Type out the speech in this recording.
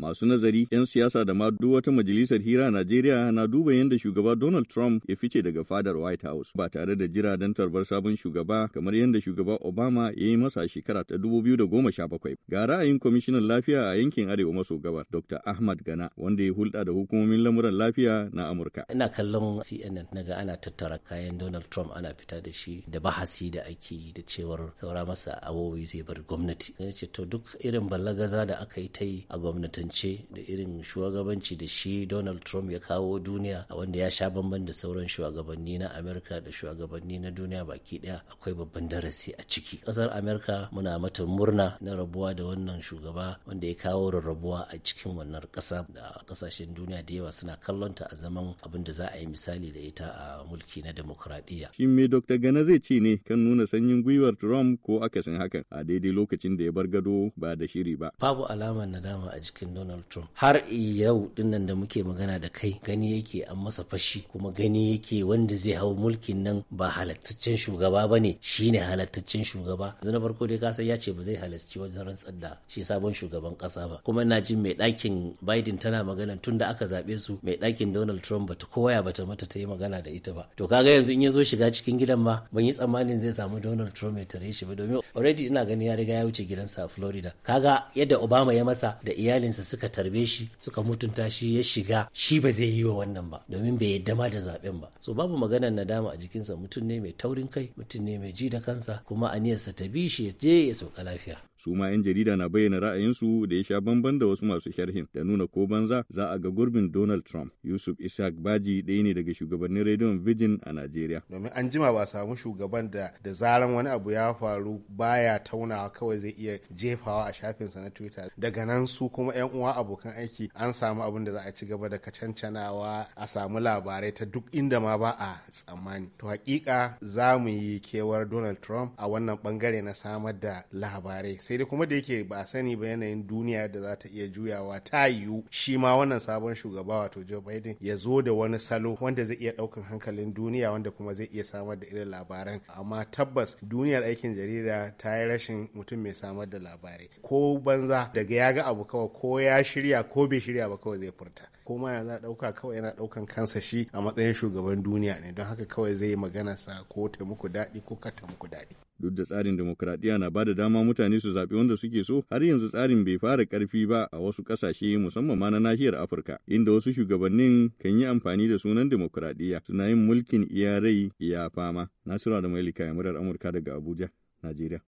masu nazari 'yan siyasa da ma duk wata majalisar hira a Najeriya na duba yadda shugaba Donald Trump ya fice daga fadar White House ba tare da jira don tarbar sabon shugaba kamar yadda shugaba Obama ya yi masa shekara ta 2017 ga ra'ayin kwamishinan lafiya a yankin Arewa maso gabar Dr. Ahmad Gana wanda ya hulɗa da hukumomin lamuran lafiya na Amurka ina kallon CNN naga ana tattara kayan Donald Trump ana fita da shi da bahasi da ake yi da cewar saura masa awowi zai bar gwamnati ya ce to duk irin ballagaza da aka yi ta yi a gwamnatin kasance da irin shugabanci da shi donald trump ya kawo duniya a wanda ya sha bamban da sauran shugabanni na amerika da shugabanni na duniya baki daya akwai babban darasi a ciki kasar amerika muna mata murna na rabuwa da wannan shugaba wanda ya kawo rarrabuwa a cikin wannan kasa da kasashen duniya da yawa suna kallonta a zaman abin da za a yi misali da ita a mulki na demokradiyya shin me dr gana zai ce ne kan nuna sanyin gwiwar trump ko akasin hakan a daidai lokacin da ya bar gado ba da shiri ba babu alamar nadama a jikin donald trump har yau dinnan da muke magana da kai gani yake an masa fashi kuma gani yake wanda zai hau mulkin nan ba halattaccen shugaba ba ne shi ne halattaccen shugaba yanzu na farko dai kasan ya ce ba zai halarci wajen rantsar da shi sabon shugaban kasa ba kuma na jin mai ɗakin biden tana magana tun da aka zaɓe su mai ɗakin donald trump bata koya bata mata ta yi magana da ita ba to kaga yanzu in ya zo shiga cikin gidan ma ban yi tsammanin zai samu donald trump ya tare shi ba domin already ina gani ya riga ya wuce gidansa a florida kaga yadda obama ya masa da iyalinsa iyayensa suka tarbe shi suka mutunta shi ya shiga shi ba zai yi wa wannan ba domin bai yadda ma da zaben ba so babu maganar nadama a jikinsa mutum ne mai taurin kai mutum ne mai ji da kansa kuma aniyarsa ta bi shi ya je ya sauka lafiya su ma 'yan jarida na bayyana ra'ayinsu da ya sha bamban da wasu masu sharhin da nuna ko banza za a ga gurbin Donald Trump. Yusuf Isaac Baji ɗaya ne daga shugabannin rediyon Virgin a Najeriya. Domin an jima ba samu shugaban da da zaran wani abu ya faru baya taunawa kawai zai iya jefawa a shafinsa na Twitter. Daga nan su kuma 'yan uwa abokan aiki an samu abin da za a ci gaba da cancanawa a samu labarai ta duk inda ma ba a tsammani to hakika za mu yi kewar donald trump a wannan bangare na samar da labarai sai dai kuma da yake ba a sani ba yanayin duniya da za ta iya juyawa ta yiwu shi ma wannan sabon shugaba wato joe biden ya zo da wani salo wanda zai iya daukan hankalin duniya wanda kuma zai iya samar da irin labaran amma tabbas duniyar aikin jarida ta yi rashin mutum mai samar da labarai ko banza daga ya ga abu kawai ko kawai ya shirya ko bai shirya ba kawai zai furta kuma ya za ɗauka kawai yana ɗaukan kansa shi a matsayin shugaban duniya ne don haka kawai zai yi magana sa ko ta muku daɗi ko kata muku daɗi. Duk da tsarin demokuraɗiyya na bada dama mutane su zaɓi wanda suke so har yanzu tsarin bai fara karfi ba a wasu ƙasashe musamman ma na nahiyar Afirka inda wasu shugabannin kan yi amfani da sunan demokuraɗiyya suna yin mulkin iyarai ya fama. Nasiru da Mailika murar Amurka daga Abuja, Najeriya.